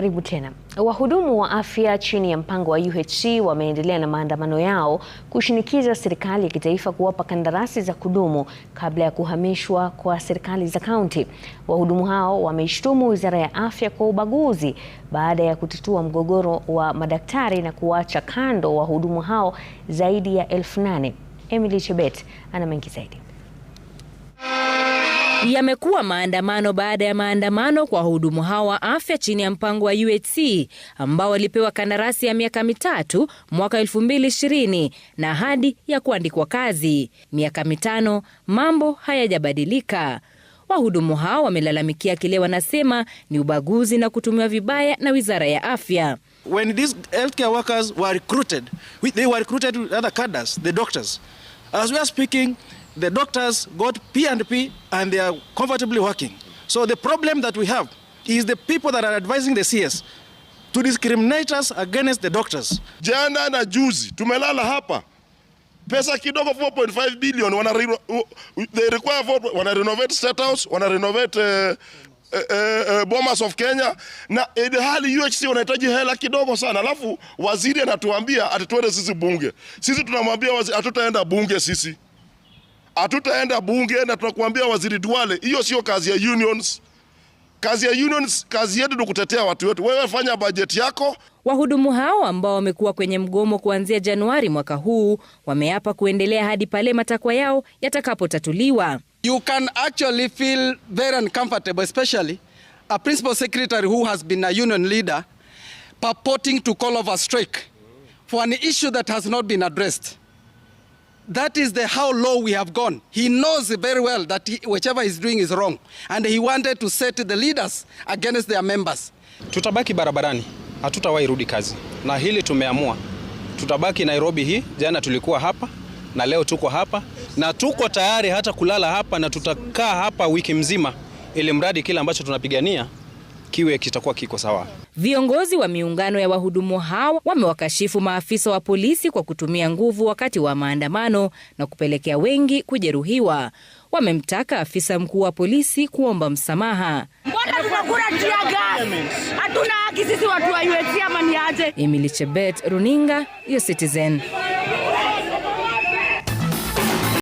Karibu tena. Wahudumu wa afya chini ya mpango wa UHC wameendelea na maandamano yao kushinikiza serikali ya kitaifa kuwapa kandarasi za kudumu kabla ya kuhamishwa kwa serikali za kaunti. Wahudumu hao wameishtumu Wizara ya Afya kwa ubaguzi baada ya kutatua mgogoro wa madaktari na kuwacha kando wahudumu hao zaidi ya elfu nane. Emily Chebet ana mengi zaidi. Yamekuwa maandamano baada ya maandamano kwa wahudumu hao wa afya chini ya mpango wa UHC ambao walipewa kandarasi ya miaka mitatu mwaka 2020 na ahadi ya kuandikwa kazi. Miaka mitano, mambo hayajabadilika. Wahudumu hao wamelalamikia kile wanasema ni ubaguzi na kutumiwa vibaya na Wizara ya Afya. When these healthcare workers were recruited, they were recruited with other cadres, the doctors. As we are speaking, the doctors got p and p and they are comfortably working. So the problem that we have is the people that are advising the CS to discriminate us against the doctors. Jana na juzi tumelala hapa pesa kidogo 4.5 billion wana re they require for, wana renovate state house wana renovate uh, uh, uh, Bomas of Kenya na uh, hali UHC wanahitaji hela kidogo sana, alafu waziri anatuambia atatuende sisi bunge. Sisi tunamwambia waziri hatutaenda bunge sisi hatutaenda bunge na tunakuambia waziri Duale, hiyo sio kazi ya unions. Kazi ya unions, kazi yetu ni kutetea watu wetu. Wewe fanya bajeti yako. Wahudumu hao ambao wamekuwa kwenye mgomo kuanzia Januari mwaka huu wameapa kuendelea hadi pale matakwa yao yatakapotatuliwa. You can actually feel very uncomfortable especially a principal secretary who has been a union leader purporting to call off a strike for an issue that has not been addressed. That is the how low we have gone. He knows very well that he, whichever is doing is wrong and he wanted to set the leaders against their members. Tutabaki barabarani, hatutawahi rudi kazi, na hili tumeamua. Tutabaki Nairobi hii. Jana tulikuwa hapa na leo tuko hapa na tuko tayari hata kulala hapa na tutakaa hapa wiki mzima, ili mradi kile ambacho tunapigania kiwe kitakuwa kiko sawa. Viongozi wa miungano ya wahudumu hawa wamewakashifu maafisa wa polisi kwa kutumia nguvu wakati wa maandamano na kupelekea wengi kujeruhiwa. Wamemtaka afisa mkuu wa polisi kuomba msamaha. Emily Chebet, runinga ya Citizen.